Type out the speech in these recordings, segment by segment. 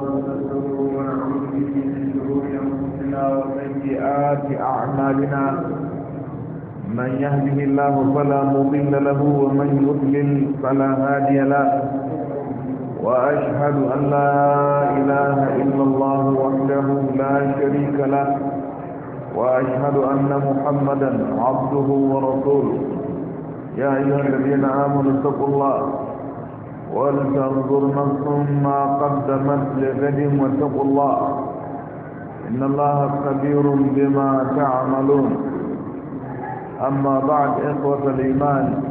ونعوذ به من انفسنا وسيئات اعمالنا من يهده الله فلا مضل له ومن يضلل فلا هادي له واشهد ان لا اله الا الله وحده لا شريك له واشهد ان محمدا عبده ورسوله يا ايها الذين امنوا اتقوا الله ولتنظر نفس ما قدمت لغد واتقوا الله إن الله قدير بما تعملون أما بعد إخوة الإيمان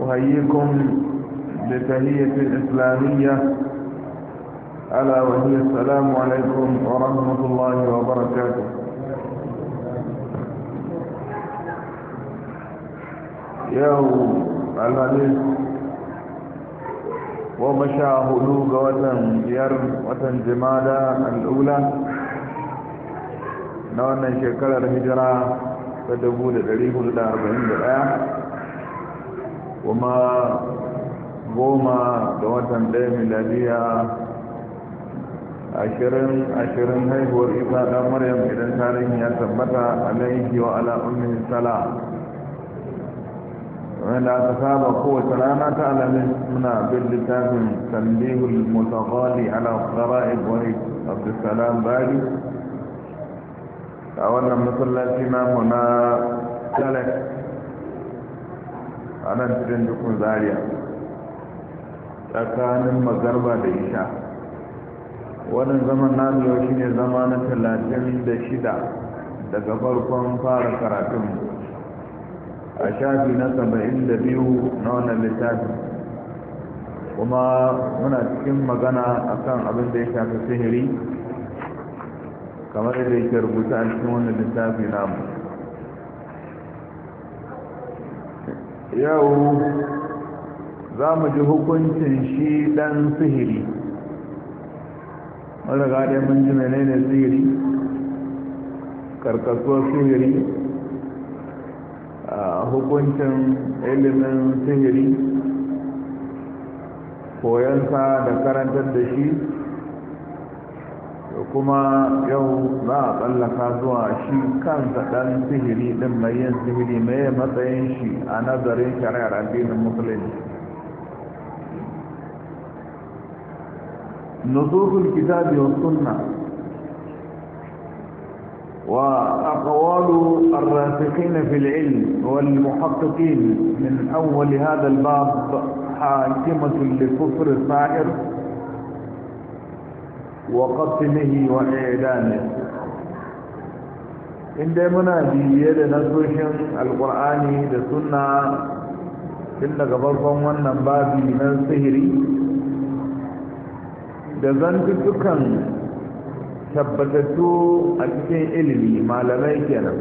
أهيكم بتهيئه الإسلامية ألا وهي السلام عليكم ورحمة الله وبركاته يوم الحديث goma sha hudu ga watan biyar watan jimada al'ula na wannan shekarar hijira ta dubu da dari hudu da arba'in da daya kuma goma ga watan daya miladiya ashirin ashirin haihuwar isa dan maryam idan tarihin ya tabbata alaihi wa ala ummin salam wanda aka saba kowace rana ta alamin muna bin littafin tambihul mutaqali ala qara'id wa abdussalam bari a wannan masallaci namu na talak a nan cikin dukkan zaria tsakanin magarba da isha wannan zaman namu yau ne zama na talatin da shida daga farkon fara karatunmu a shafi na saba'in da biyu na wannan littafi kuma muna cikin magana akan abin da ya shafi sihiri kamar yadda ya rubuta a cikin wannan littafi namu yau za mu ji hukuncin shi dan sihiri mara gaɗe mun ji menene sihiri karkasuwar sihiri hukuncin ilimin sihiri koyansa da karantar da shi kuma yau za a tsallaka zuwa shi kansa ɗan sihiri ɗin mai yin sihiri mai matsayin shi a nazarin shari'ar addinin musulunci nususul الكتاب والسنه sunna وأقوال الراسخين في العلم والمحققين من أول هذا الباب حاكمة لكفر الصائر وقتله وإعلانه إن دائمنا بيئة نسوش القرآن لسنة إلا قبلكم ونبابي من سهري da zantukan tabbatattu a cikin ilimi malamai kenan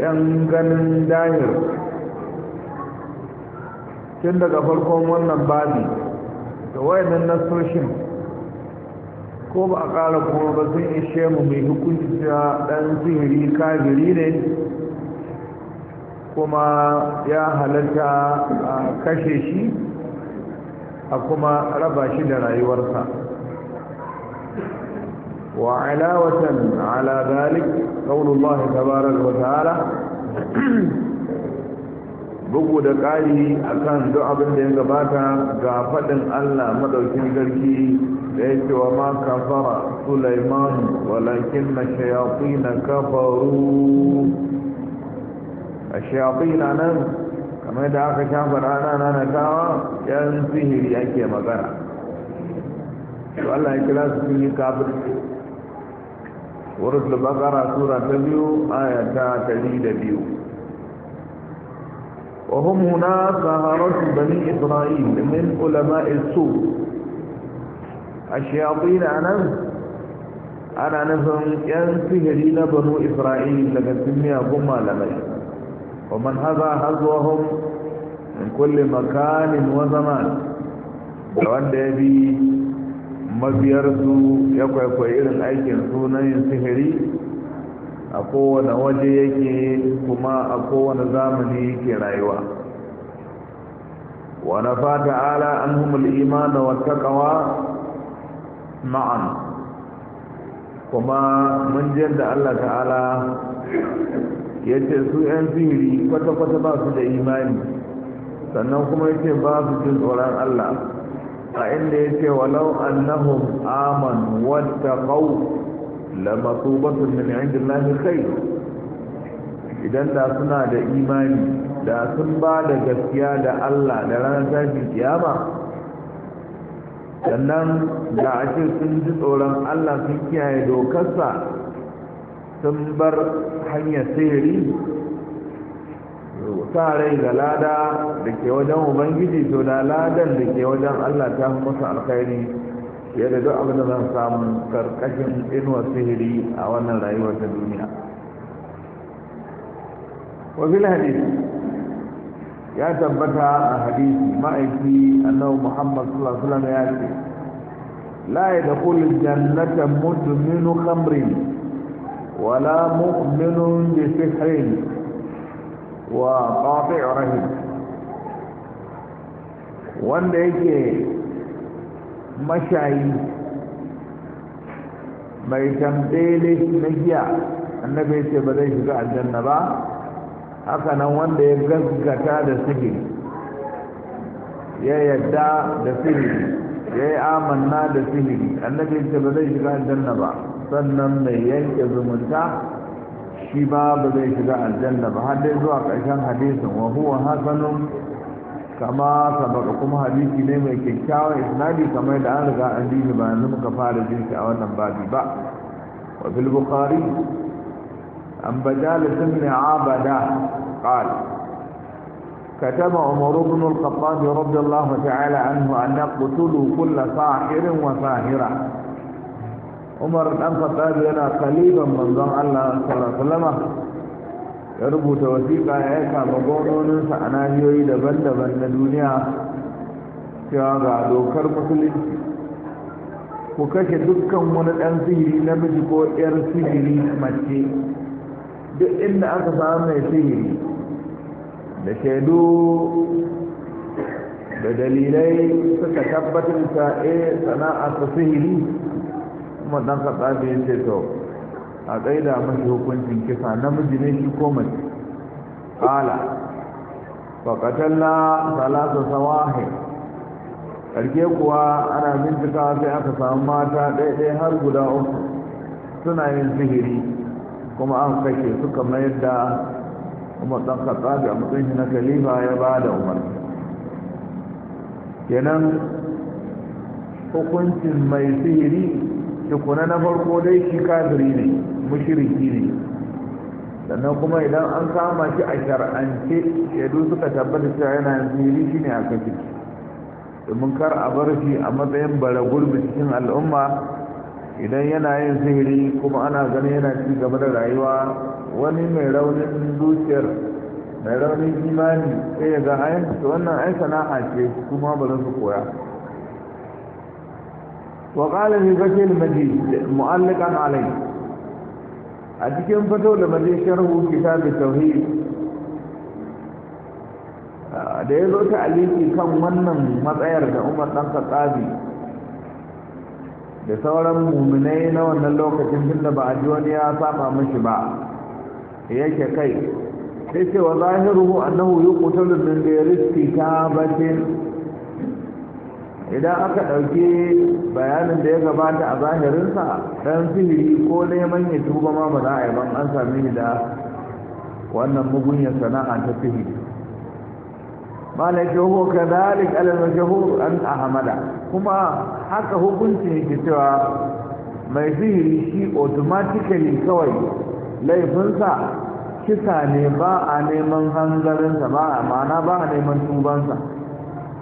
yan ganin dahir tun daga farkon wannan babi da wayannan nasoshin ko ba a ƙara kuma ba sun ishe mu mai hukunci cewa ɗan zihiri kagiri ne kuma ya halatta a kashe shi a kuma raba shi da rayuwarsa وعلاوة على ذلك قول الله تبارك وتعالى bugu da ƙari akan duk abin da ya gabata ga faɗin allah maɗaukin garki da ya wa ma kafara sulaiman walakin na na kafaru a na nan kamar da aka shafa rana na natawa yan sihiri ake magana to allah ya kira su yi kafirci wurin da bakara sura ta biyu aya ta ɗari da biyu wa hum huna saharatu bani isra'il min ulama'i su ashayatin anan ana nufin yan sihiri na banu isra'il daga simiya gun malamai wa man haza hazwahum min kulli makanin wa zaman da ya bi mabiyarsu ya kwaikwayi irin aikin sunan yin sihiri a kowane waje yake kuma a kowane zamani yake rayuwa wa nafa ta'ala annahumul imana wat taqwa ma'an kuma mun ji da Allah ta'ala ce su yan sihiri kwata kwata ba su da imani sannan kuma yace ba su jin tsoron Allah a inda ya ce walau annahum aman wattaqau lamatubatun min indillahi khair idan da suna da imani da sun ba da gaskiya da Allah da ranar tashin kiyama sannan da ake sun ji tsoron allah sun kiyaye dokarsa sun bar hanyar sihiri sa rai da lada da ke wajen ubangiji to da ladan da ke wajen allah ta fi masa alkhairi fiye da duk abin da zan samu karkashin inuwar sihiri a wannan rayuwar ta duniya wajen hadis ya tabbata a hadisi ma'aiki annabi muhammad sallallahu alaihi ya ce la yadkhulu jannata mudminu khamrin wala mu'minun bi sihrin Wa وقاطع رحم wanda yake mashayi mai tambele na annabi ce ba zai shiga aljanna ba haka nan wanda ya gaggata da sihiri ya yadda da sihiri ya yi amanna da sihiri annabi ce ba zai shiga aljanna ba sannan mai yanke zumunta shi ba ba zai shiga aljanna ba har dai zuwa ƙarshen hadisin wa huwa hasanun kama sabaka kuma hadisi ne mai kyakkyawan isnadi kamar da an riga an ji ba yanzu muka fara jin shi a wannan babi ba wa fil bukhari an badala sunni abada qal كتب عمر بن الخطاب رضي الله تعالى عنه أن يقتلوا كل ساحر وساهرة umar dan fatabi yana kaliban manzon Allah sallallahu ya rubuta wasiƙa ya aika ma a nahiyoyi daban-daban na duniya cewa ga dokar musulunci ku kashe dukkan wani ɗan sihiri namiji ko 'yar sihiri mace duk inda aka samu mai sihiri da shaidu da dalilai suka tabbatar ta e eh, sana'a ta sihiri ɗan dan katsabi ya ce to a tsaida mashi hukuncin kisa namiji ne shi ko mace ƙala faƙatalla salatu sawahi ƙarke kuwa ana bincika sai aka samu mata ɗaiɗai har guda uku suna yin sihiri kuma an kashe suka mayar da kuma dan katsabi a matsayin na kalifa ya ba da umarni kenan hukuncin mai sihiri tukuna na farko dai shi kafiri ne mushiriki ne sannan kuma idan an kama shi a shar'ance shaidu suka tabbata cewa yana ziri shi ne a kafi domin kar a bar shi a matsayin bara gurbi cikin al'umma idan yana yin sihiri kuma ana ganin yana ci gaba da rayuwa wani mai raunin zuciyar mai raunin imani sai ya ga ayin wannan ai sana'a ce kuma ba su koya وقال في فتح المجيد معلقا عليه أتكلم فتح المجيد شرح كتاب التوحيد da ya zo ta aliki kan wannan matsayar da umar ɗan katsabi da sauran muminai na wannan lokacin tunda ba a ji wani ya saba mashi ba yake kai sai ce wa zahiruhu annahu yuqtalu min ghairi kitabatin idan aka ɗauki bayanin da ya gabata a zahirinsa dan sihiri ko neman ya tuba ma ba za a yi ban an sami da wannan mugunya sana'a ta sihiri malaki ko ka zalik alamashahur an ahamada kuma haka hukunci yake cewa mai sihiri shi automatically kawai laifinsa kisa ne ba a neman hanzarinsa ba a mana ba a neman tubansa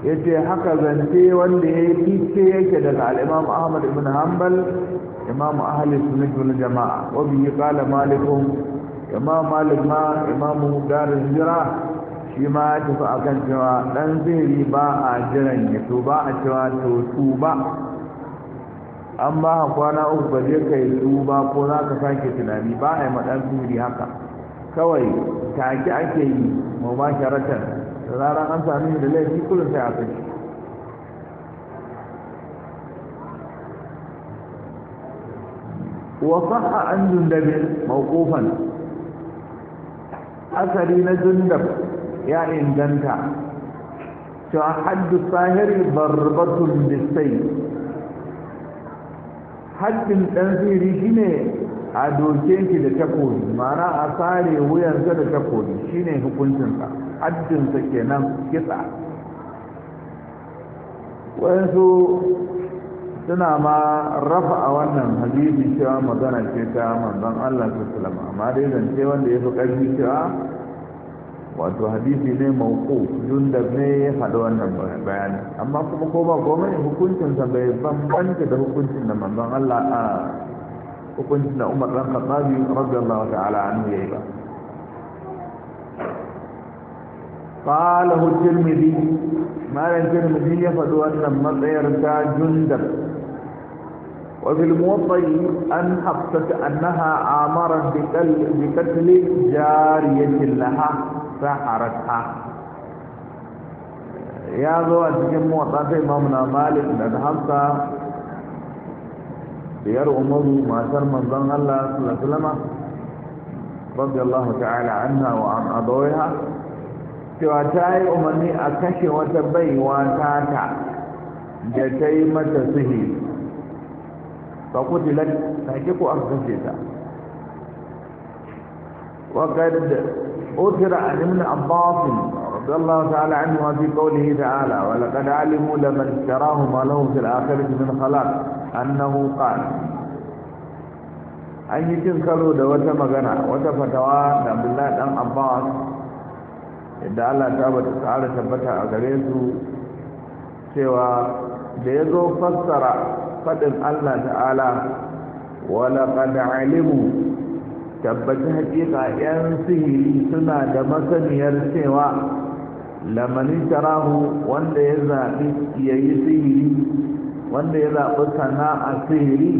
ya ce haka zance wanda ya yi fice yake daga al'imam ahmad ibn hanbal imam ahli sunnah wal jama'a wa bihi qala malikum imam malik ma imam darul hijra shi ma ya tafi kan cewa dan zai ba a jiran ya to ba a cewa to ba an ba ka kwana uku ba je kai tuba ko za ka sake tunani ba a yi maɗan turi haka kawai take ake yi mu ba sharatan da zarar an sami da laifi kullum sai a sani wa sahha an jundabin mawqufan asari na jundab ya inganta cewa haddu sahiri barbatun bisai haddin ɗan sihiri shine a doke shi da takobi mana a sare wuyansa da takobi shine hukuncinsa haddinsa kenan kisa wayansu suna ma rafa a wannan hadisi cewa magana ce ta manzon Allah sallallahu alaihi amma dai zance wanda ya fi ƙarfi cewa wato hadisi ne mauku jundab ne ya faɗi wannan bayani amma kuma ko ba komai hukuncinsa bai bambanta da hukuncin da manzon Allah a hukuncin da Umar dan Khattabi radiyallahu ta'ala anhu yayi ba قاله الترمذي ما tirmidhi ya faɗi wannan matsayar ta وفي الموطئ أن حفصت أنها آمرت بقتل جارية لها فحرتها يا ذو أتكلم موطأ إمامنا مالك بن حفصة بير أمه ما سر من ظن الله صلى الله عليه وسلم رضي الله تعالى عنها وعن أبويها cewa ta yi umarni a kashe wata baiwa ta, da ta yi mata sihiri fa kutilat take ku aka kashe ta وقد أثر عن ابن عباس رضي الله تعالى عنهما في قوله تعالى ولقد علموا لمن اشتراه ما له في الآخرة من خلاق أنه قال an yi cin karo da wata magana wata fatawa da abdullahi dan abbas yadda Allah ta bata tabbata a gare su cewa da ya zo fassara faɗin Allah ta'ala wala da alimu tabbata hakika yan sihiri suna da masaniyar cewa lamani tarahu wanda ya zaɓi yayi sihiri wanda ya zaɓi sana'a sihiri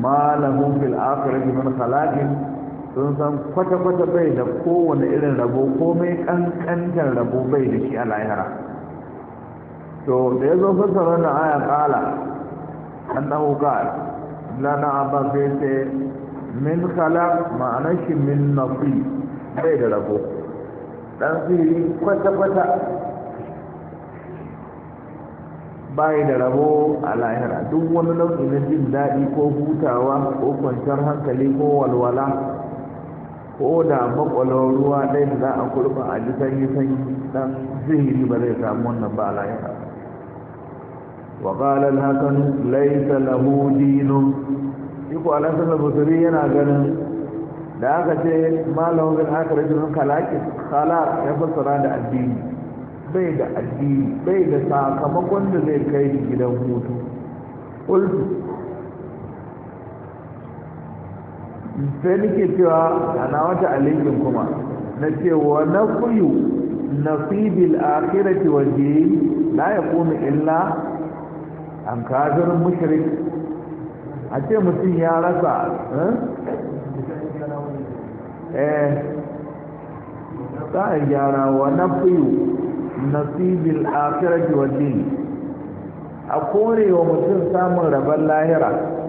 ma lahun fil min khalaqin sun san kwata-kwata bai da kowane irin rabo komai kankantar rabo bai da shi a lahira to da ya zo fassara na aya kala annahu qala lana abba sai ce min kala ma'ana shi min nafi bai da rabo dan siri kwata-kwata bai da rabo a lahira duk wani nau'i na jin daɗi ko hutawa ko kwanciyar hankali ko walwala ko da makwalon ruwa ɗaya da za a kurba a ji sanyi sanyi dan zihiri ba zai samu wannan ba lahira wa qala al-hasan laysa lahu dinun iko al-hasan yana ganin da aka ce malamin bin akhrajun kalaki khala ya fassara da addini bai da addini bai da sakamakon da zai kai gidan hutu sai nake cewa ana wata alikin kuma na ce wa na kuyu nasibil akhirati waje na ya komi illa an kafir mushrik a ce mutum ya rasa eh, eh. za a gyara wa na kuyu nasibil akhirati waje a korewa mutum samun rabon lahira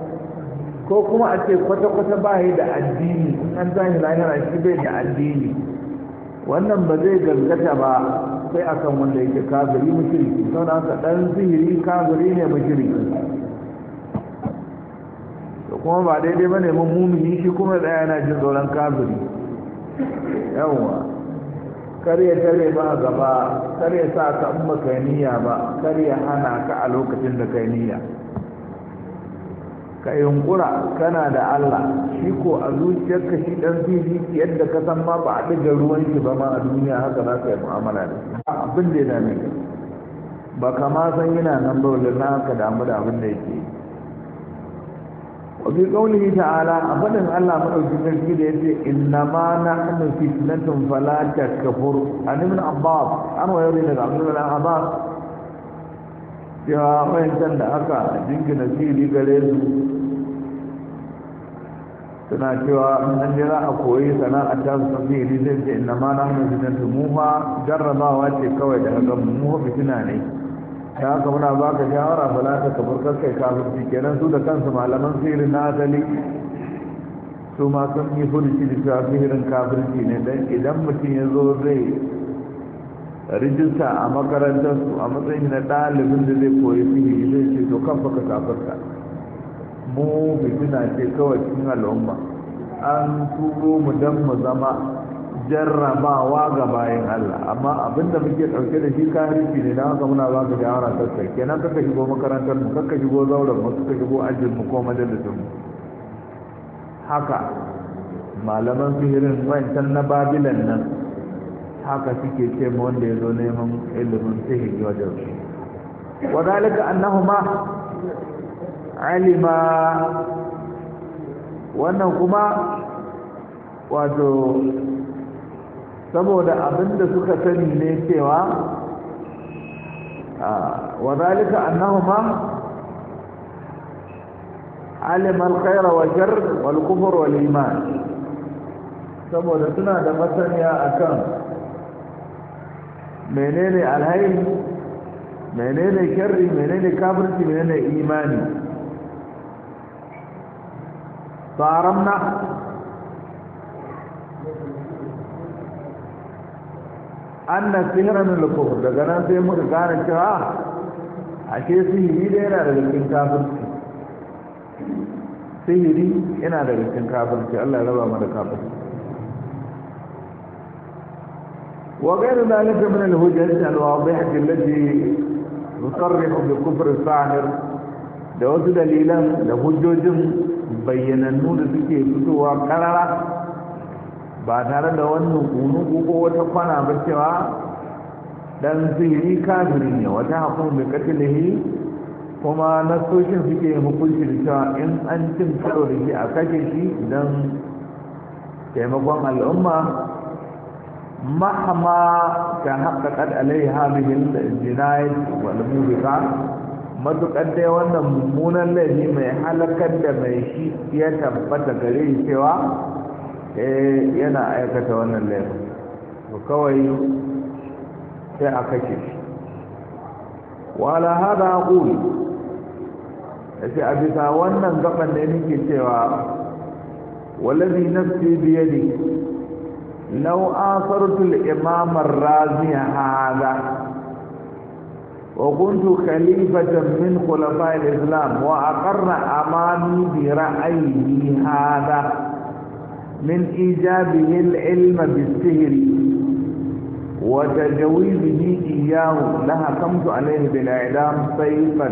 ko kuma a ce kwata-kwata ba yi da addini an zai lahira shi bai da addini wannan ba zai gaskata ba sai akan wanda yake kafiri mushriki sau da haka ɗan zihiri kafiri ne mushriki to kuma ba daidai ba ne mummuni shi kuma ɗaya yana jin tsoron kafiri yawwa kar ya tare ba gaba kar ya sa ka in ba ba kar ya hana ka a lokacin da kainiya. ka yunkura kana da Allah shi ko a zuciyarka shi dan fifi yadda ka san ma ba a daga ruwan shi ba ma a duniya haka za ka yi mu'amala da shi ba abin da yana ne ba ka ma san yana nan ba wanda na ka damu da abin da yake wa bi qawlihi ta'ala a fadin Allah dauki sarki da yace inna ma nahnu fitnatun fala takfur an ibn abbas an wa yuri daga abdullah abbas cewa wayancan da aka jingina siri gare su suna cewa an jira a koyi sana'a ta su tafi zai ce inna ma na hannun fitan mu ma jarrabawa ce kawai da haka mu fitina ne ta haka muna ba ka shawara bala ta kafar kaskai kafin kenan su da kansu malaman sirrin na asali su ma sun yi furuci da cewa sihirin kafirci ne don idan mutum ya zo zai rijista a makarantar su a matsayin na ɗalibin da zai koyi sihiri zai ce to kan baka kafirka mu bikina ce kawai cikin al'umma an turo mu don mu zama jarrabawa ga bayan Allah amma abinda muke ɗauke da shi karifi ne na haka muna zaka ka shawara sassai kenan kaka shigo makarantar mu kaka shigo zauren mu kaka shigo ajin mu ko majalisin mu haka malaman sihirin wancan na babilan nan haka suke ce mu wanda ya zo neman ilimin sihiri wajen su wadalika annahuma alima wannan kuma wato saboda abinda suka sani ne cewa wa zalika annahuma alima alkhair wa jar wal kufr wal iman saboda suna da masaniya akan menene alhail menene sharri menene kafirci menene imani صارمنا أن السهر من الكفر لقنا في مكان الشراء أشياء سهري لنا لكن كافر سهري إنا لكن كافر الله لبا من كافر وغير ذلك من الهجج الواضحة التي تصرح بالكفر الصاهر da wasu dalilan da hujjojin bayyanannu da suke fitowa karara ba tare da wannan kunu ko wata kwana ba cewa dan zihiri kafiri ne wata hakun bi katilihi kuma na nasoshin suke hukunci da cewa in an cin karo da shi a kashe shi don taimakon al'umma mahama ta haƙaƙar alaiha bihin jinayat wal mubiqa matuƙar dai wannan mummunan laifi mai halakar da mai shi ya tabbata gare shi cewa eh, yana aikata wannan laifin to kawai sai a kashe shi wala hada aqul ce a bisa wannan gaban ne nike cewa walazi nafsi bi yadi law imamar al-imam razi وكنت خليفة من خلفاء الإسلام وأقر أمامي برأيه هذا من إيجابه العلم بالسهر وتجويبه إياه لها قمت عليه بالإعدام سيفا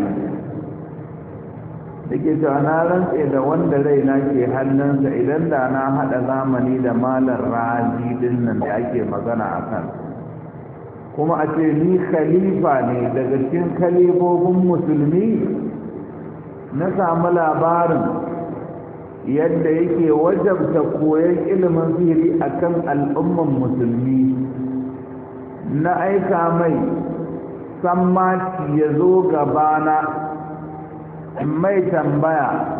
dake ta na rantse da wanda raina ke hannunsa idan da na haɗa zamani da malar razi dinnan da ake magana a kansa kuma a ce ni khalifa ne daga cikin khalifofin musulmi na samu labarin yadda yake wajabta koyon ilimin sihiri a kan al'umman musulmi na aika mai sammaci ya zo gabana mai tambaya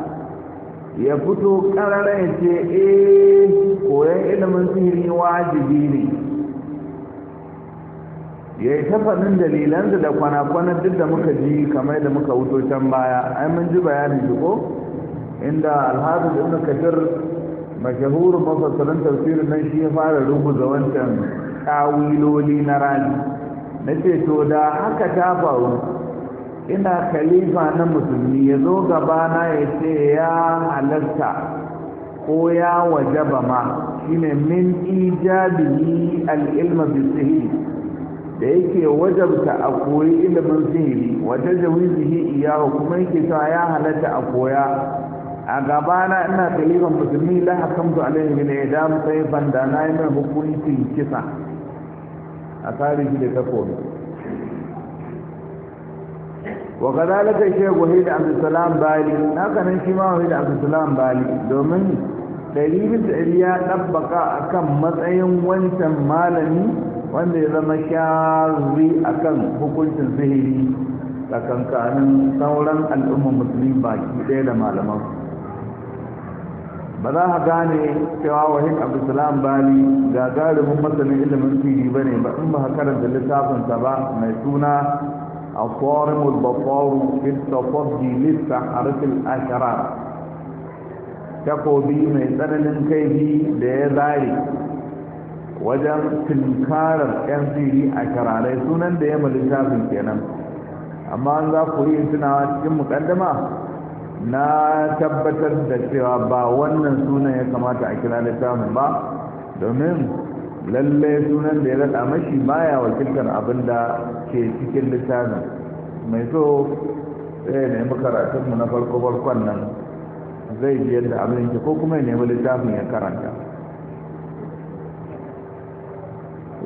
ya fito ƙararren ce eh koyon ilimin sihiri wajibi ne ya yi tafanin dalilansa da kwana duk da muka ji kamar da muka wuto can baya ai mun ji bayanin shi ko inda da ibn kafir mashahurin mafasarin tafsirin nan shi ya fara rubuta wancan tawiloli na rani na ce to da haka ta faru ina kalifa na musulmi ya zo gabana ya ce ya halatta ko ya wajaba ma shine min ijabi al-ilma da yake wajabta a koyi ilimin sihiri wata jawizihi iyahu kuma yake cewa ya halatta a koya a gabana ina kalifan musulmi la hakamtu alaihi min idam sai da na yi mai hukunci kisa a tarihi da takobi wa kadalika shehu wahid abdulsalam bali haka nan shi ma wahid abdulsalam bali domin dalilin da ya dabbaka akan matsayin wancan malami wanda ya zama a kan hukuncin sihiri tsakankanin sauran al'ummar musulmi baki ɗaya da malaman ba za a gane cewa wahin abdulsalam bali gagarumin masanin ilimin sihiri ba ne ba in ba karanta littafinsa ba mai suna a tsorin ulbafaru istafabdi lissa harfin ashirar takobi mai tsananin kaifi da ya zare wajen tunkarar 'yan siri a kararai sunan da ya littafin kenan amma an za ku yi tunawa cikin mukaddama na tabbatar da cewa ba wannan sunan ya kamata a kira littafin ba domin lallai sunan da ya rada mashi baya wakiltar abin da ke cikin littafin mai so sai nemi karatunmu na farko farkon nan zai ji yadda abin ko kuma ya nemi littafin ya karanta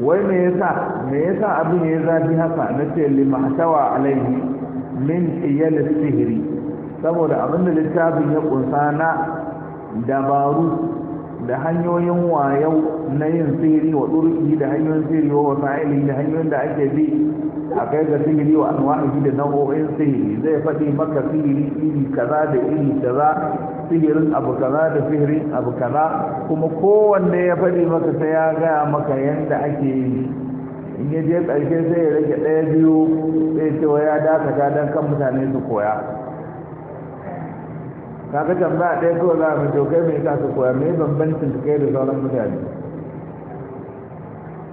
wai me yasa me yasa abin ya zafi haka na ce limahtawa alaihi min iyal sihiri saboda abin da littafin ya kunsa na dabaru da hanyoyin wayau na yin sihiri wa ɗurki da hanyoyin sihiri wa wasa'ili da hanyoyin da ake bi a kai ga sihiri wa anwa'ihi da nau'o'in sihiri zai faɗi maka sihiri iri kaza da iri kaza sihirin abu kaza da sihirin abu kaza kuma kowanne ya faɗi maka sai ya gaya maka yadda ake yi in ya je ƙarshe sai ya rage ɗaya biyu sai cewa ya dakata don kan mutane su koya kaga tambaya ɗaya kawai za a mai to kai mai sa ka koya mai bambancin da kai da sauran mutane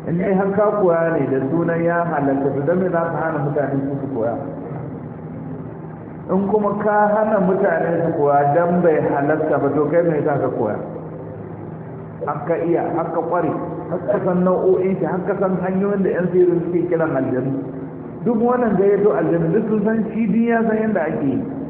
in dai har ka koya ne da sunan ya halatta su don za ka hana mutane su su koya in kuma ka hana mutane su koya don bai halatta ba to kai mai sa ka koya ka iya haka kware ka san nau'o'in shi ka san hanyoyin da yan sirri suke kiran aljanu duk wannan zo aljanu duk sun san shi ya san yadda ake yi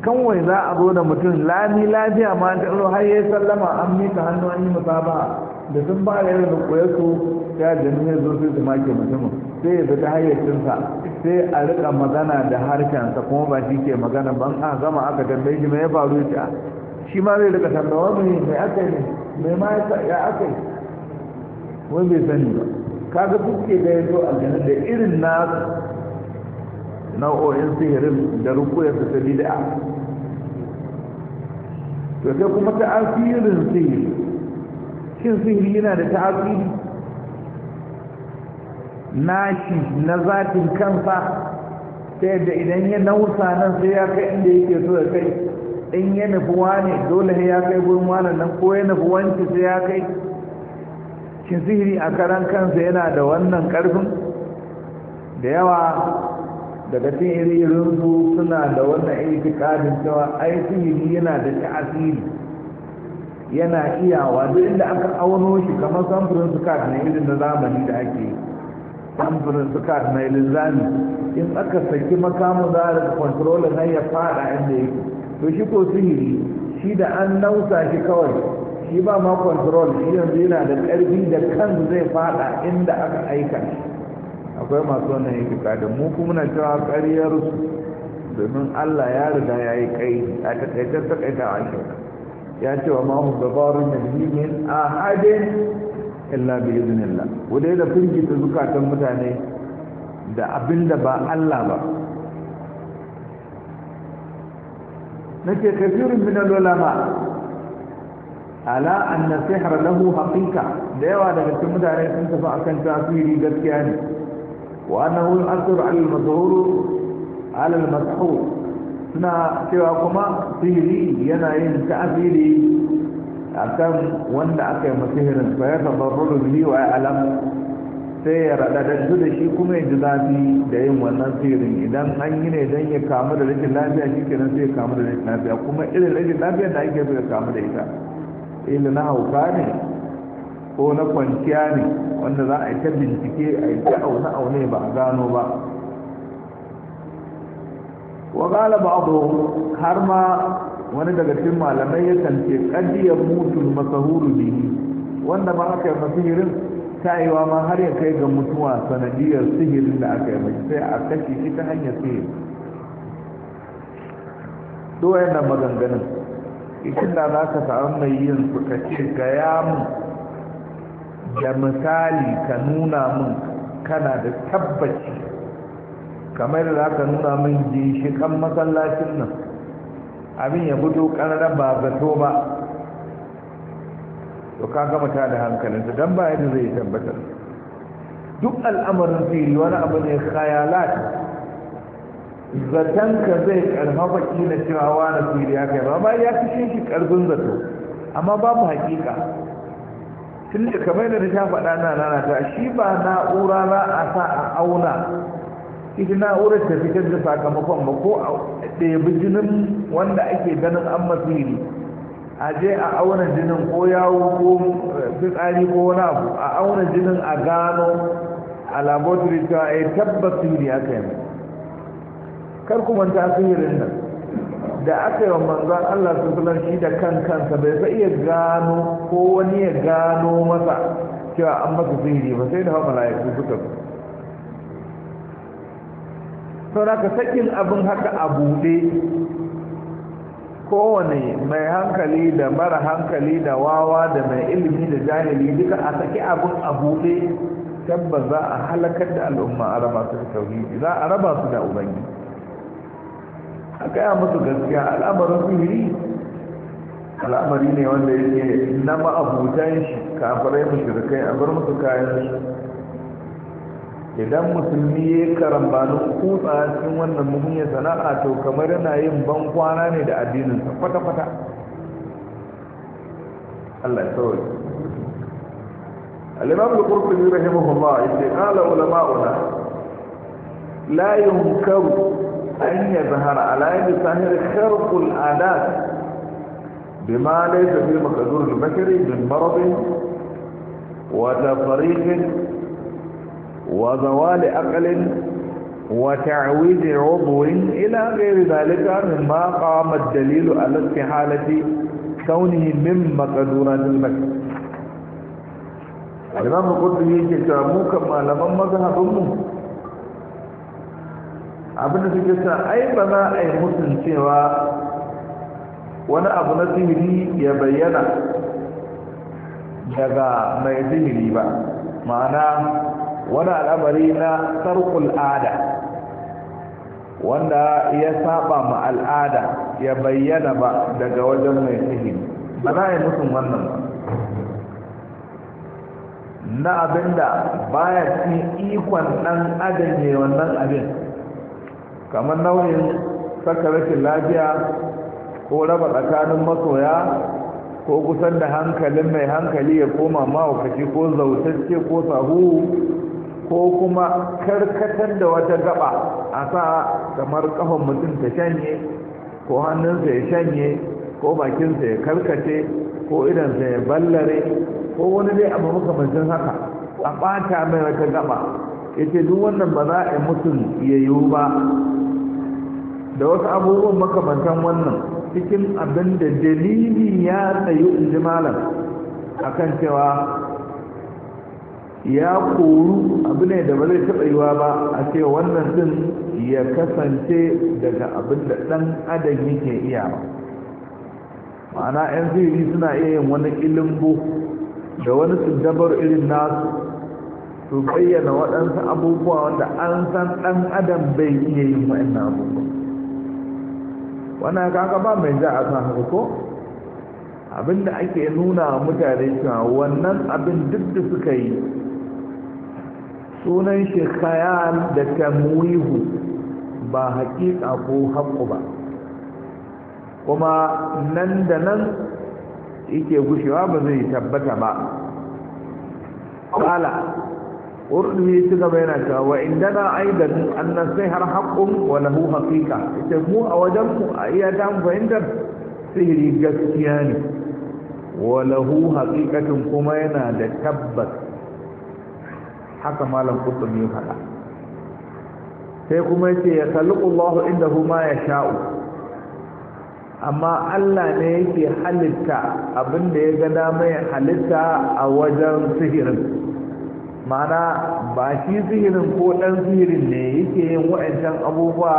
kanwai za a zo da mutum lami lafiya ma da ɗaro har ya sallama an mika hannu an yi musaba da sun ba da yadda koya su ya jami ya zo sai su make mutumin sai ya fita hayyacinsa sai a rika magana da harshensa kuma ba shi ke magana ban a gama aka tambaye shi mai ya faru ya ah, shi ma zai rika tambawa mai mai aka yi mai ma ya aka yi wai bai sani ba kaga duk ke da ya zo aljanar da irin na. nau'o'in sihirin da rukuyarsa ta bid'a to sai kuma ta'asirin sihiri shin sihiri yana da ta'asiri nashi na zatin kansa ta yadda idan ya nausa nan sai ya kai inda yake so ya kai in ya nufi wane dole sai ya kai gurin wane nan ko ya nufi wanci sai ya kai shin sihiri a karan kansa yana da wannan karfin da yawa daga cikin irin su suna da wannan itikadin cewa ai yana da ta'asiri yana iyawa duk inda aka auno shi kamar samfurin sukat na irin na zamani da ake samfurin sukat na linzami in aka saki makamu za a kwantarola na ya fada inda yake to shi ko sihiri shi da an nausa shi kawai shi ba ma kontrol shi yanzu yana da karfi da kan zai fada inda aka aika shi akwai masu wannan itikadin mu kuma na cewa ƙaryar su domin Allah ya riga ya yi kai a takaitar takaita a shi ya ce wa mahu gabarun da a hade illa bi iznillah wadai da firgita zukatan mutane da abinda ba Allah ba nake kafirin min al-ulama ala anna sihr lahu haqiqa da yawa daga cikin mutane sun tafi akan tasiri gaskiya ne وأنه يؤثر على المظهور على المسحور suna cewa kuma sihiri yana yin ta'asiri a kan wanda aka yi masihirin sai ya tabarru bihi wa ya alam sai ya raɗaɗantu da shi kuma ya ji zafi da yin wannan sihirin idan an yi ne ya kamu da rashin lafiya shi kenan sai ya kamu da rashin lafiya kuma irin rashin lafiyar da ake so ya kamu da ita ila na hauka ne ko na kwanciya ne wanda za a yi ta bincike a yi ta aune aune ba a gano ba wa gala ba har ma wani daga cikin malamai ya kance kadiyar mutul masahuru bihi wanda ma aka yi masihirin tayewa ma har ya kai ga mutuwa sanadiyar sihirin da aka yi mai sai a kashe shi ta hanyar sihir doyen na maganganun ikin da za ka samu mai yin ka ce ga yamu da misali ka nuna min kana da tabbaci kamar da ka nuna min ginshikan masallacin nan abin ya fito ƙararren ba zato ba to ka gama ta da hankalinsa don ba yadda zai tabbatar duk al'amarin fili wani abu ne khayalat zatonka zai karfafa kila cewa wani fili ya kai ba ya fi shi karfin zato amma babu haƙiƙa. tun da kamar da ta faɗa na nana ta shi ba na'ura za a sa a auna ita na'urar ta fitar da sakamakon ba ko a ɗebi jinin wanda ake ganin an masiri a je a auna jinin ko yawo ko eh, fitsari ko wani abu a auna jinin a gano a laboratory ta a eh, tabbas ne aka yi kar kuma ta nan da aka yi wa manzan Allah sassanar shi da kan kansa bai sa iya gano ko wani ya gano masa cewa an masa sihiri ba sai da hau mala'iku suka sau da ka sakin abin haka a buɗe kowane mai hankali da mara hankali da wawa da mai ilimi da jahili duka a saki abin a buɗe tabbas za a halakar da al'umma a raba su da tauhidi za a raba su da ubangiji a gaya musu gaskiya al'amarin sihiri al'amari ne wanda yake na ma'abutan shi kafirai mushrikai a bar musu kayan shi idan musulmi ya karambanin kutsa cikin wannan muhimmiyar sana'a to kamar yana yin ban kwana ne da sa kwata-kwata Allah ya sauri al-imam al-qurtubi rahimahullah yace qala ulama'una la yunkaru أن يظهر على يظهر خرق الآلات بما ليس في مقدور البشري من مرض وتفريق وزوال عقل وتعويض عضو إلى غير ذلك مما قام الدليل على استحالة كونه من مقدورات المكر الإمام القرطبي يجي تعموك ما لمن مذهب منه abin da suke sa ai ba za a yi mutuncewa cewa wani abu na zihiri ya bayyana daga mai zihiri ba ma'ana wani al'amari na sarkul ada wanda ya saba ma al'ada ya bayyana ba daga wajen mai sihiri ba za a yi mutum wannan ba na abinda baya cikin ikon ɗan adam ne wannan abin kamar nauyin saka rashin lafiya ko raba tsakanin masoya ko kusan da hankalin mai hankali ya koma mawakashi ko zautacce ko sahu ko kuma karkatar da wata gaba a sa kamar kafan mutum ta shanye ko hannunsa ya shanye ko bakinsa ya karkace ko idansa ya ballare ko wani dai abu makamancin haka a ɓata mai wata gaba ita duk wannan ba za a yi mutum ya yiwu ba da wasu abubuwan makamantan wannan cikin abin da dalili ya tsayu in ji malam a kan cewa ya koru abu ne da ba zai taɓa yiwa ba a ce wannan ɗin ya kasance daga abin da ɗan adam yake iya ba ma'ana 'yan sirri suna iya yin wani ilimbo da wani dabar irin nasu su bayyana waɗansu abubuwa wanda an san ɗan adam bai iya yin wa'in abubuwa wannan kaka ba mai za a san haka ko abinda ake nuna mutane cewa wannan abin duk da suka yi sunan shi khayal da tamwihu ba haƙiƙa ko haƙƙo ba kuma nan da nan yake gushewa ba zai tabbata ba ƙala urdubi ci gaba yana cewa wa indana aidan sai har haqqun wa lahu haqiqa ita mu a wajen ku a iya ta fahimtar sihiri gaskiya ne wa lahu haqiqatun kuma yana da tabbas haka malam qutbi ya faɗa sai kuma yace ya khaliqu Allahu indahu ya sha'u amma Allah ne yake halitta abinda ya ga dama ya halitta a wajen sihirin mana ba shi zihirin ko ɗan zihirin ne yake yin wa'ancan abubuwa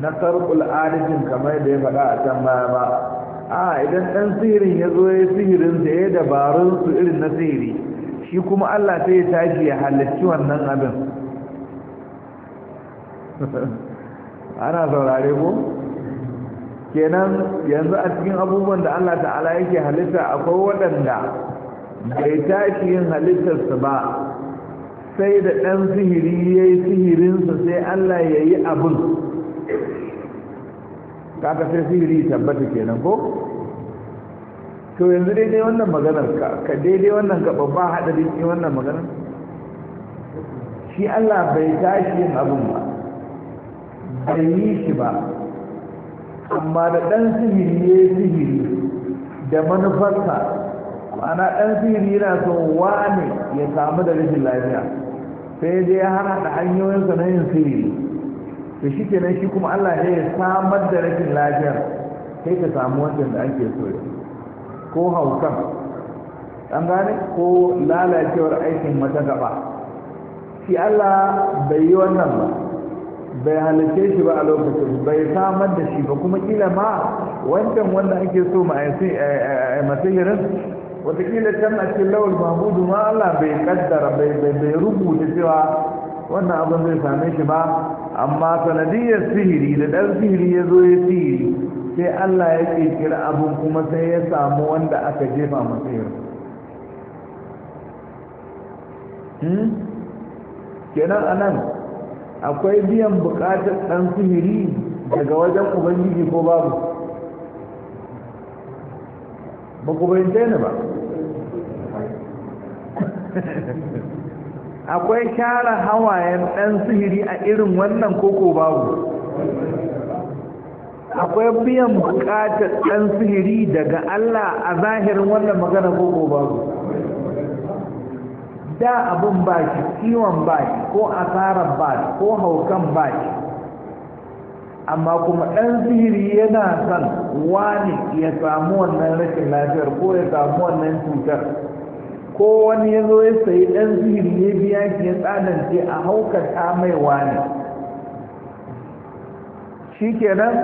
na sarkul adadin kamar da ya faɗa a can baya ba a idan ɗan sihirin ya zo ya sihirin da ya dabarun su irin na sihiri shi kuma allah sai ya tashi ya halarci wannan abin ana saurare ko kenan yanzu a cikin abubuwan da allah ta'ala yake halitta akwai waɗanda bai tashi yin halittarsa ba sai da ɗan sihiri ya yi sihirinsa sai allah ya yi abin kaka sai sihiri tabbata kenan ko to yanzu daidai wannan maganar ka daidai wannan ka babba haɗari ne wannan maganar shi allah bai tashi yin abin ba bai yi shi ba amma da ɗan sihiri ya yi sihiri da manufarsa ma'ana ɗan sihiri yana son wane ya samu da rashin lafiya sai dai ya hana da hanyoyinsa na yin sihiri da shi ke shi kuma allah ne ya samar da rashin lafiyar sai ka samu wancan da ake so ya ko haukan an gane ko lalacewar aikin mata gaba shi allah bai yi wannan ba bai halice shi ba a lokacin bai samar da shi ba kuma kila ma wancan wanda ake so ma a yi watakila can a cikin lawal mahmudu ma Allah bai kaddara bai rubuta cewa wannan abin zai same shi ba amma sanadiyar sihiri da ɗan sihiri ya zo ya sihiri sai Allah ya kira abin kuma sai ya samu wanda aka jefa masihir hmm? kenan anan akwai biyan bukatar ɗan sihiri daga wajen ubangiji ko babu ba ku bayyana ba akwai share hawayen ɗan sihiri a irin wannan koko babu akwai biyan buƙatar ɗan sihiri daga Allah a zahirin wannan magana koko babu da abin ba ciwon ba ko asarar ba ko haukan ba amma kuma ɗan sihiri yana son wani ya samu wannan rashin lafiyar ko ya samu wannan cutar ko wani ya zo ya sayi ɗan ziri ya biya ke ya ce a haukata mai wani shi ke nan,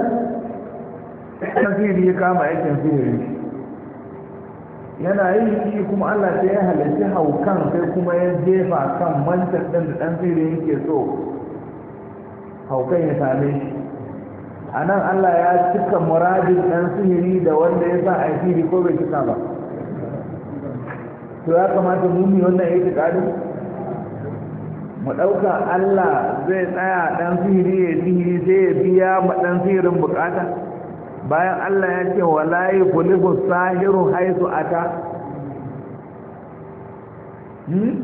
ɗan ziri ya kama aikin ziri yana yi shi kuma allah ta ya halarci haukan sai kuma ya jefa kan mancan ɗin da ɗan ziri yake so haukan ya same shi a nan allah ya cika muradin ɗan sihiri da wanda ya sa a ko bai cika ba to ya kamata mu mi wannan yake kadu mu ɗauka Allah zai tsaya ɗan sihiri ya sihiri sai ya biya ma ɗan sihirin bukata bayan Allah ya ce wa layi kulifin sahiru haisu ata hmm?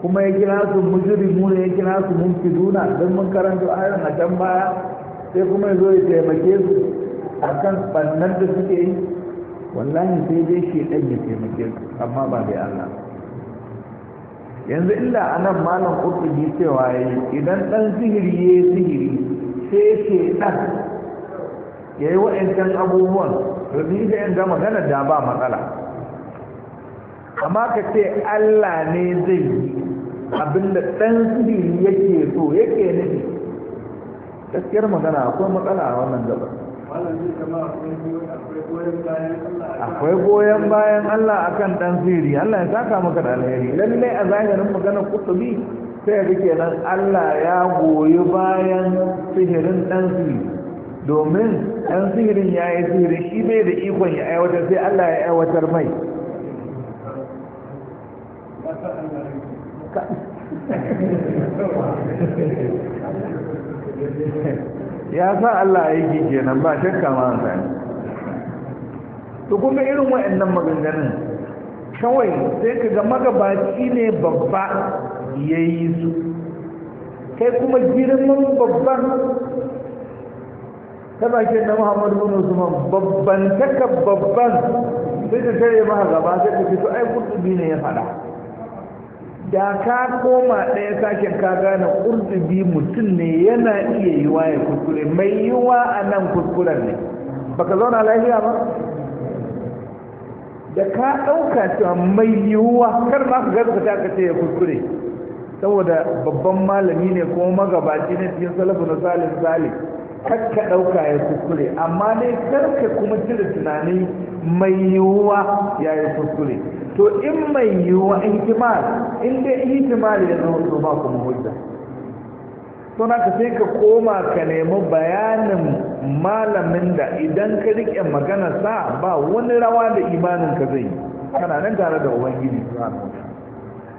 kuma ya kira su mujrimu ne ya kira su duna don mun karanta ayon a can baya sai kuma ya zo ya taimake su akan bannan da suke yi wallahi sai dai shi dan ya taimake amma ba dai Allah yanzu illa anan malam qurtubi cewa yi idan dan sihiri yi sihiri sai ce dan yi wa'ancan abubuwan to ni da gama magana da ba matsala amma ka ce Allah ne zai yi abinda dan sihiri yake so yake nufi gaskiyar magana akwai matsala a wannan gaba akwai goyon bayan Allah akan dan siri Allah ya saka maka da alheri lalle a zahirin maganar kutubi sai ke nan, Allah ya goyi bayan sihirin dan siri domin dan sihirin ya yi sihirin shi bai da ikon ya aiwatar sai Allah ya aiwatar mai Thank you. ya sa Allah aiki kenan ba shakka ma an sani to kuma irin waɗannan maganganun kawai sai ka ga magabaci ne babba ya yi su kai kuma girman babban ta bakin na muhammad bin usman babban taka sai ka tare maha gaba sai ka fito ai kurtubi ne ya faɗa da ka koma ɗaya sashen ka gane ƙurɗubi mutum ne yana iya yiwa ya kuskure mai yiwa a nan kuskuren ne ka zauna lafiya ba da ka ɗauka cewa mai yiwuwa kar ma ka gaskata ka ce ya kuskure saboda babban malami ne kuma magabaci ne cikin salafu na salih kakka ɗauka ya kuskure amma dai karka kuma cire tunani mai yiwuwa ya yi kuskure to in mai yiwuwa in ihtimal in dai ihtimal ya zama to ba kuma hujja to na ka sai ka koma ka nemi bayanin malamin da idan ka rike magana sa ba wani rawa da imanin ka zai kana nan tare da ubangiji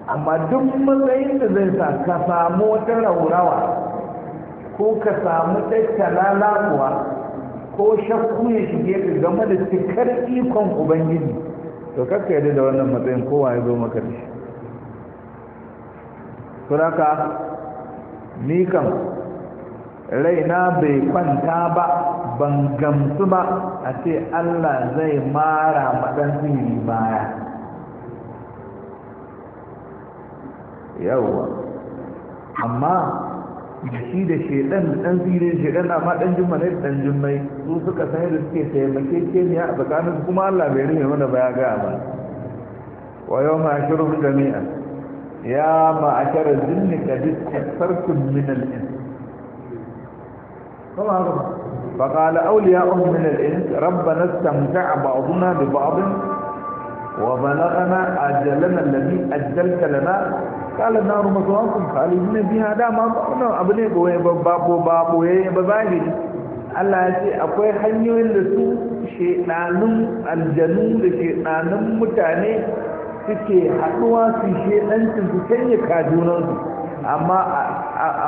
amma duk matsayin da zai sa ka samu wata raurawa ko ka samu tattala lakuwa ko shakku ya shige ka game da cikar ikon ubangiji to kakka yadda da wannan matsayin kowa ya zo maka da shi suraka ni kam raina bai kwanta ba ban gamsu ba a ce allah zai mara maɗan zini baya yawwa amma da shi da shedan dan zirin shedan amma dan jimma ne dan jimmai su suka sai da suke taimake ke ne a tsakanin kuma Allah bai rufe mana ba ya ga ba wa yau ma shiru jami'a ya ma ashara jinni kad tasarkum min al ins kuma haka fa qala awliya'uhum min al ins rabbana istamta'a ba'duna bi ba'd wa balaghana ajalana alladhi ajjalta lana kala na rumar a khalidi na biya dama wannan abu ne boye ba yi ba zahiri Allah ya ce akwai hanyoyin da su shedanun aljanu da shedanun mutane suke haɗuwa su shedancin su canye su amma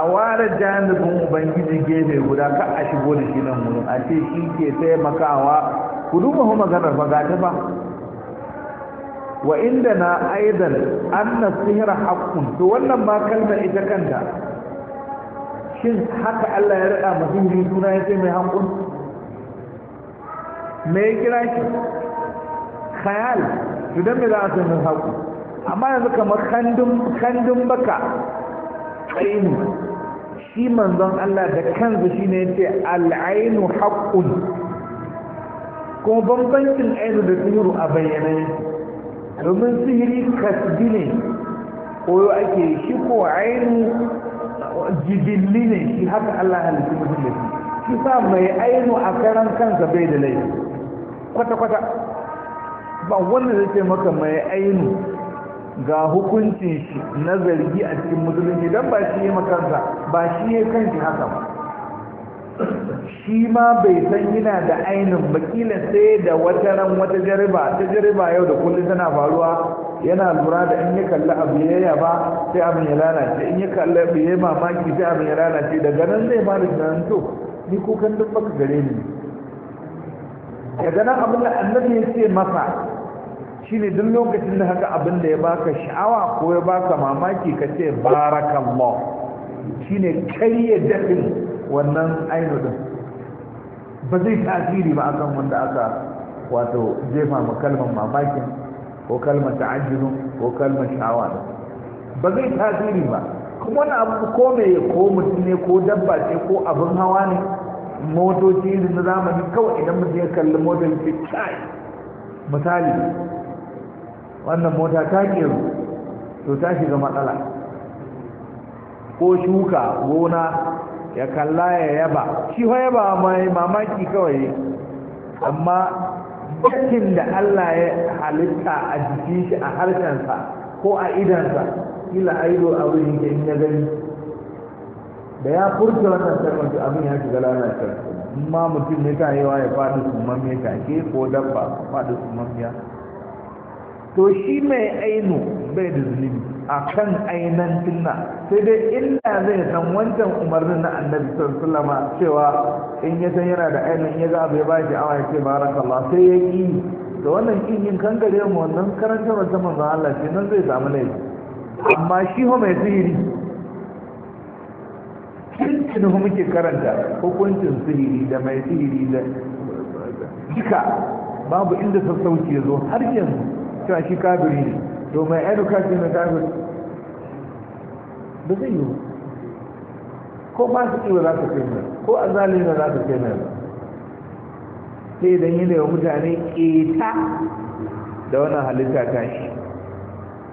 a ware janibin ubangiji gefe guda ka a shigo da shi nan wurin a ce shi ke taimakawa ku duba maganar ba ga ta ba wa inda na aidan anna sihira haqqun to wannan ma kalmar ita kanta shin haka Allah ya rada mazuhin suna yace mai haqqun me ya kira shi khayal to dan me za a san mai haqqun amma yanzu kamar kandun kandun baka ainu shi manzon Allah da kansa shine yace al-ainu haqqun kuma bambancin ainu da sihiru a bayyane domin sihiri kasbi ne koyo ake shi ko aini jibilli ne shi haka Allah halittu mutum da shi sa mai ainu a karan kansa bai da laifi kwata-kwata ba wanda zai ce maka mai ainu ga hukuncin shi na zargi a cikin musulunci don ba shi ya makansa ba shi ya shi haka ba shi ma bai san yana da ainin makila sai da wata ran wata jariba ta jariba yau da kullum tana faruwa yana lura da in ya kalli abu ya ba sai abin ya lalace in ya kalli abu ya mamaki sai abin ya lalace daga nan zai ba da to ni kukan duk baka gare ni daga nan abin da annabi ya ce masa shine duk lokacin da haka abin da ya baka sha'awa ko ya baka mamaki ka ce barakallah shine karya dafin wannan aino ba zai tasiri ba akan wanda aka wato jefa ma kalmar mamakin ko kalmar ta'ajjulun ko kalmar sha'awa ba zai tasiri ba kuma wani abu ko me ko mutum ne ko dabba ce ko abin hawa ne motoci ne na zamani kawai idan mutum ya kalli motar ce kai misali wannan mota ta kero to ta shiga matsala ko shuka gona ya kalla ya yaba shi fa yaba mai mamaki kawai amma yakin da Allah ya halitta a jikin shi a harshensa ko a idansa kila aido a wurin da ya gani da ya furta wannan sarkwanci abin ya shiga lalatar in mutum ne ta yawa ya faɗi summamiya take ko dabba faɗi summamiya to shi mai ainu bai da zunubi. a kan ainan tunna sai dai illa zai san wancan umarnin na annabi sallama cewa in ya san yana da ainihin ya ga abu ya bashi awa ya ce barakallah sai ya yi da wannan kin yin kankare mu wannan karanta wata manzo Allah shi nan zai samu laifi amma shi ho mai sihiri kin ho muke karanta hukuncin sihiri da mai sihiri da duka babu inda sassauci ya zo har yanzu cewa shi kabiri ne to mai eduka ce mai kabiri ba zai yi ko ba su kiwa za su kai mai ko a zalin za su kai mai sai idan yi da mutane ita, da wannan halitta ta shi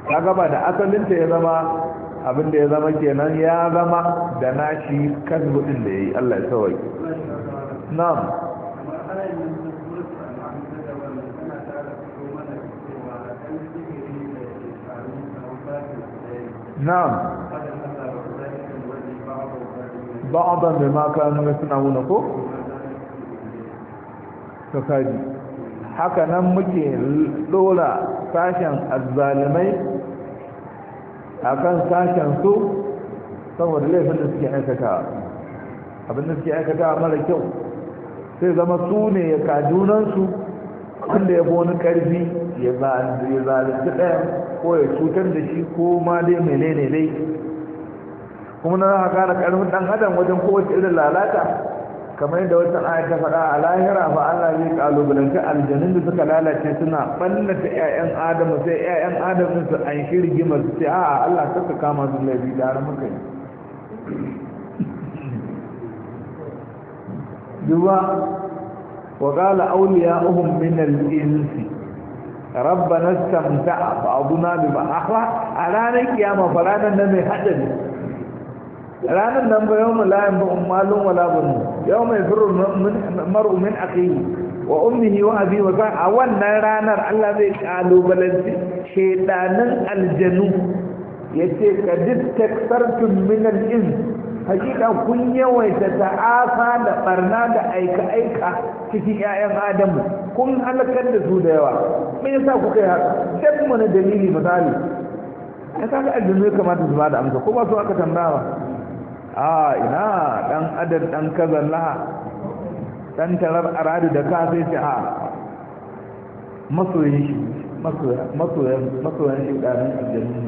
ta gaba da asalinta ya zama abin da ya zama kenan ya zama da na kan hudun da ya yi allah ya sauwai na'am na'am ba'adan da ma kanu ya wuna ko haka nan muke lola sashen azzalimai a kan sashen su saboda laifin da suke aikata abin da suke aikata mara kyau sai zama su ne ya kajunansu wanda ya fi wani ya zalunci ɗaya ko ya cutar da shi ko ma dai menene dai kuma na za ka ƙarfin ɗan adam wajen kowace irin lalata kamar yadda wata aya ta faɗa a lahira fa Allah zai kalubalanci aljanun da suka lalace suna ɓallata 'ya'yan Adam sai 'ya'yan Adam su an shi rigima su ce a'a Allah saka kama su laifi da har muka yi duba wa qala awliya'uhum min al-insi samta rabbana abu na bi ba ba'dha a ranar kiyama ba ranar nan mai hadari ranar nan ba yawon la yanfa'u malun wala bunun yawma yafirru mar'u min akhihi wa ummihi wa abi wa a wannan ranar Allah zai kalubalanci shedanan aljanu yace kadid taksartum min al-ins hakika kun yawaita ta'afa da barna da aika-aika cikin 'ya'yan adamu kun halakar da su da yawa me yasa kuka yi haka duk mana dalili misali ya kaga aljanu ya kamata su bada amsa ko ba su aka tambawa? a ina dan adam dan kazan laha dan tarar aradu da ka sai ce a masoyin shi masoyan masoyan shi ɗanin aljanu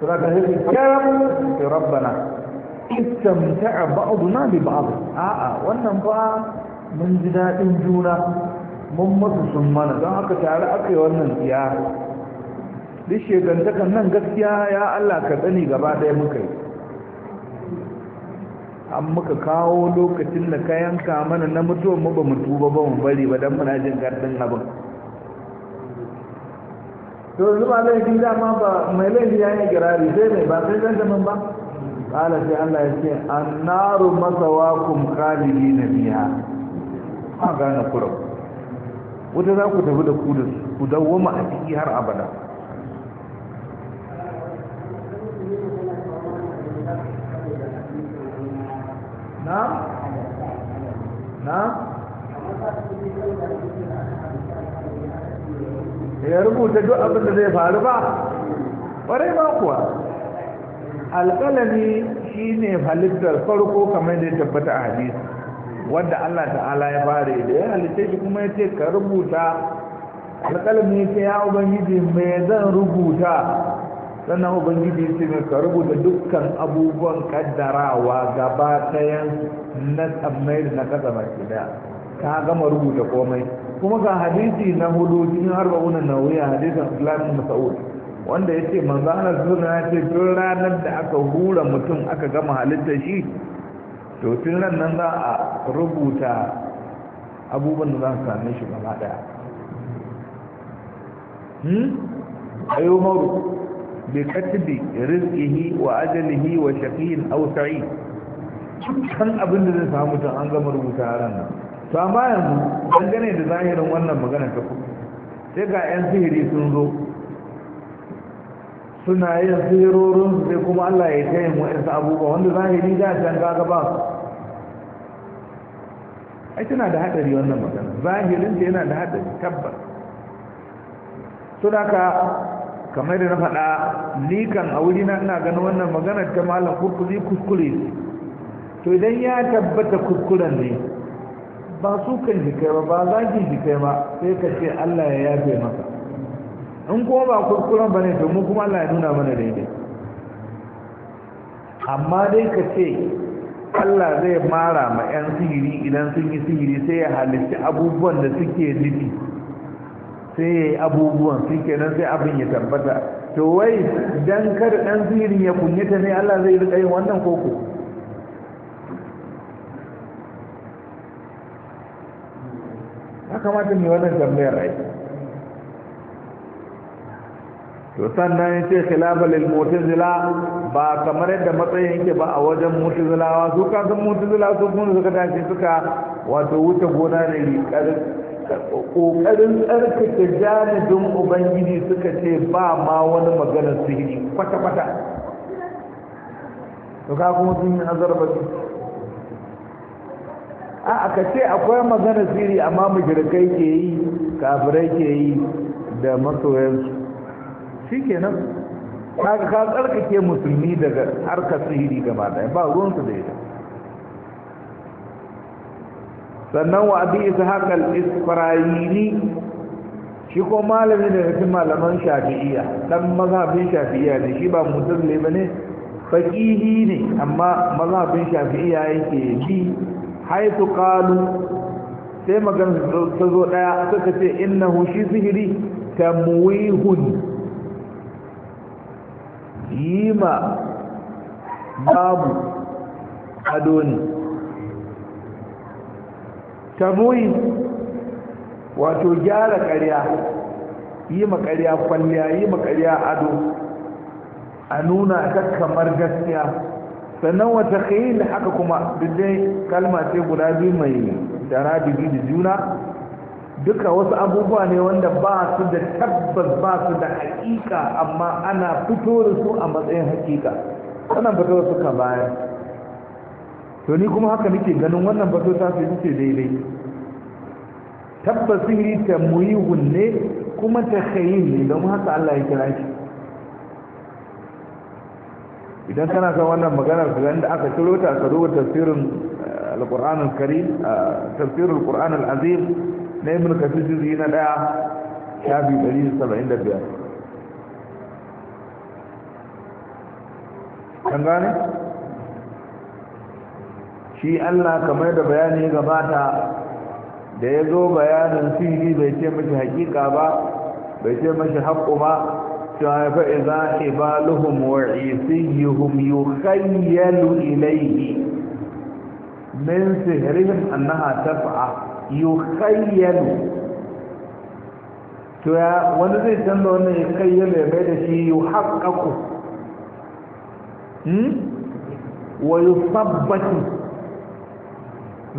su da ka haifi kyaram rabbana istamta'a ba'duna bi ba'd a'a wannan ba mun ji dadin juna mun mutu sun mana don haka tare aka yi wannan ziyara duk shekantakan nan gaskiya ya Allah ka tsani gaba ɗaya muka yi an muka kawo lokacin da ka yanka mana na mutuwan mu ba mu tuba ba mu bari ba don muna jin gardin abin to yanzu ba laifi dama ba mai laifi ya yi girari sai mai ba sai zan ba kala sai Allah ya ce annaru masawakum khalidina biha ha gane kura wuta za ku tafi da ku da ku dawwama a ciki har abada na na ya rubuta duk abin da zai faru ba ƙwarai ba kuwa alƙalami shine halittar farko kamar da ya tabbata a hadisi wanda Allah ta'ala ya fara da ya halitta shi kuma ya ce ka rubuta alƙalami ya ce ya ubangiji me zan rubuta sannan ubangiji ya ce ka rubuta dukkan abubuwan kaddarawa gaba ɗayan na tsammai na kasa baki ka gama rubuta komai kuma ga hadisi na hudu cikin nauyi a hadisin islamin Mas'ud wanda ya ce manzana suna ya ce tun ranar da aka hura mutum aka gama halittar shi to tun ran nan za a rubuta abubuwan da za su same shi gaba daya hmm? ayo maru bi katibi rizqihi wa ajalihi wa shaqiyin aw sa'id kan abin da zai samu mutum an gama rubuta ran nan to amma yanzu dangane da zahirin wannan magana ta ku sai ga yan sihiri sun zo suna yin sirorin sai kuma Allah ya kai mu isa abubuwa wanda zahiri da can kaga ba su ai tana da hadari wannan magana zahirin ta yana da hadari tabbas suna ka kamar da na faɗa likan a wuri na ina ganin wannan magana ta malam kurkuri kuskure to idan ya tabbata kuskuren ne ba su kan jikai kai ba ba zagin shi kai ba sai ka ce Allah ya yafe maka in kuma ba kuskuren ba ne domin kuma Allah ya nuna mana daidai amma dai ka ce Allah zai mara ma 'yan sihiri idan sun yi sihiri sai ya halitta abubuwan da suke nufi sai ya yi abubuwan suke kenan sai abin ya tabbata to wai dan kada ɗan sihirin ya kunyata ne Allah zai rika yin wannan koko ya kamata mai wannan tambayar aiki to sannan ya ce khilafa lil mutazila ba kamar yadda matsayin yake ba a wajen mutazilawa su ka san mutazila su kuma suka tashi suka wato wuce gona da riƙar ƙoƙarin tsarkake janibin ubangiji suka ce ba ma wani magana sihiri kwata-kwata to ka kuma sun yi su a aka ce akwai magana sihiri amma mujirkai ke yi kafirai ke yi da masoyansu shi nan kaga ka tsarkake musulmi daga harkar sihiri gaba daya ba su da ita sannan wa abi isa al-isfarayini shi ko malami da cikin malaman shafi'iyya dan mazhabin shafi'iyya ne shi ba musulmi bane faƙihi ne amma mazhabin shafi'iyya yake bi haitu qalu sai magana ta zo daya suka ce innahu shi sihiri tamwihun yi ma babu ado ne tamoyi wato gyara karya yi ma ƙarya kwalliya yi ma ƙarya ado a nuna ta kamar gaskiya sannan wata khayil haka kuma dai kalma guda biyu mai da rabibi da juna duka wasu abubuwa ne wanda ba su da tabbas ba su da hakika amma ana fito da su a matsayin hakika wannan fito suka bayan to ni kuma haka nake ganin wannan fito ta fi ce daidai tabbas yi ta muyihun ne kuma ta kayi ne don haka Allah ya kira shi idan kana san wannan maganar ka inda aka ciro ta ka duba tafsirin eh, alqur'anul karim eh, tafsirul al azim na ibn kafir juzi na daya shafi 175 kan gane shi allah kamar da bayani ya gabata da ya zo bayanin sihiri bai ce mashi hakika ba bai ce mashi haƙƙo ba cewa fa'iza ibaluhum wa yi hanyar ilayhi min sihirin annaha taf'a yukhayyalu to ya wani zai canza wannan yukhayyalu ya bai da shi yuhaqqaqu hmm wa yusabbatu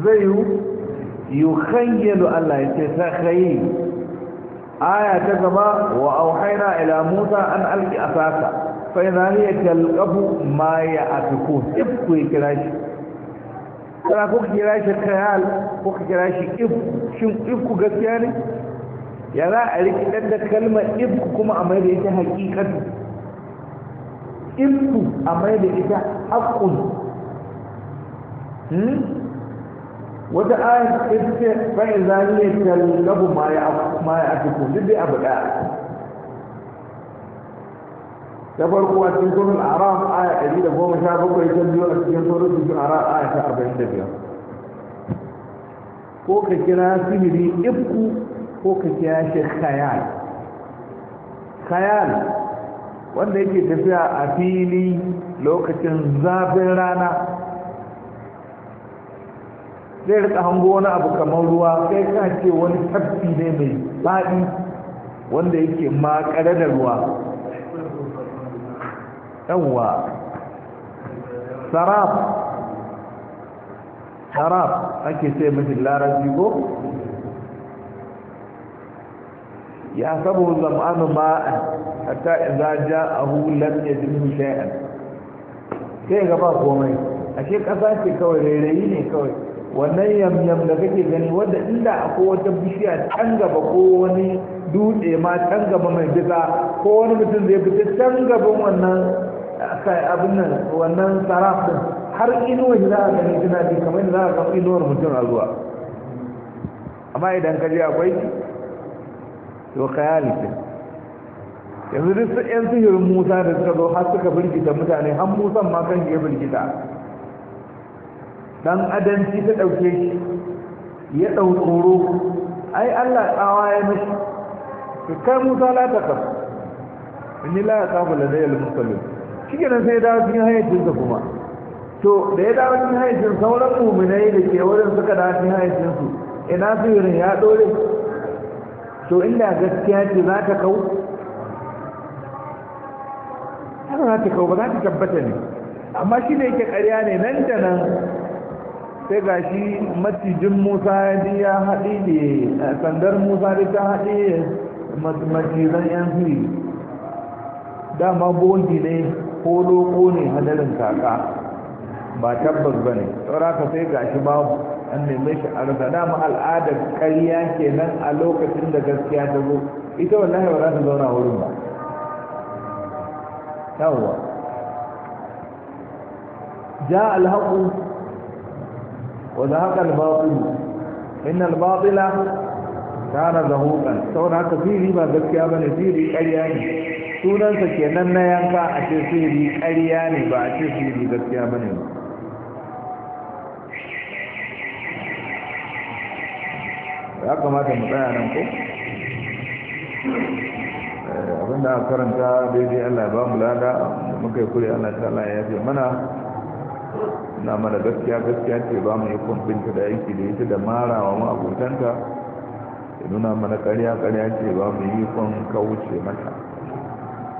zai yu yukhayyalu Allah ya ce ta khayyi aya ta gaba wa auhayna ila Musa an alqi asaka fa idha hiya talqabu ma ya'tikun ifku kirashi kana ko ka kira shi khayal ko ka kira shi if shin ifku gaskiya ne ya za a dan da kalma ifku kuma a mai da ita hakikatu ifku a mai da ita hmm wata ayar ita ce fa'in zaniyar tallabu ma ya abu duk dai abu ɗaya ta farko a cikin sunan aram aya ɗari da ta biyu a cikin sunan cikin aram aya ta 45 da biyar ko ka kira sihiri ifku ko ka kira shi khayal khayal wanda yake tafiya a fili lokacin zafin rana zai rika hango wani abu kamar ruwa kai ka ce wani tafi ne mai faɗi wanda yake makare da ruwa yawwa sarab sarab ake sai mashi larabci ko ya sabu zam'anu ma'an hatta idza hu lam jirgin shay'an sai ga ba komai ashe kasa ce kawai rairayi ne kawai wannan yamyam da kake gani wanda inda akwai wata bishiya can gaba ko wani dutse ma can gaba mai bisa ko wani mutum zai fita can gaban wannan aka abin nan wannan saraf din har shi za a gani suna bi kamar za a ga inuwar mutum a zuwa amma idan ka je akwai to khayali ce yanzu duk yan sihirin musa da suka zo har suka birgita mutane har musan ma kan ya birgita dan shi ta dauke shi ya dau tsoro ai Allah tsawa ya mishi kai musa la ta kafa inni la ya tsafa ladayal musallin shi kenan sai ya dawo cikin kuma to da ya dawo cikin hayyacin sauran muminai da ke wurin suka dawo cikin su ina sihirin ya dole to inda gaskiya ce za ta kau haka za ta kau ba za ta tabbata ne amma shi ne yake karya ne nan da nan sai ga shi macijin musa ya haɗi ne sandar musa da ta haɗi matijin yan fili dama bondi ne ko loko ne hadarin kaka ba tabbas ba ne ka sai gashi babu an neme shi a rasa dama al'adar ke nan a lokacin da gaskiya ta zo ita wallahi ba za ta zauna wurin ba yawwa ja alhaqu wa zahaqa albatil inna albatila kana zahuqan saboda haka fili ba gaskiya ba ne fili ƙarya ne sunansa kenan na yanka a ce sihiri ƙarya ne ba a ce sihiri gaskiya ba ne ba ya kamata mu tsaya nan ko eh, abinda a karanta daidai allah ba mu lada da muka yi kuri allah ta ya fi mana na mana gaskiya gaskiya ce ba mu yi kwamfinta da aiki da ita da mara ma abokanta ya nuna mana karya karya ce ba mu yi kwan kawuce mata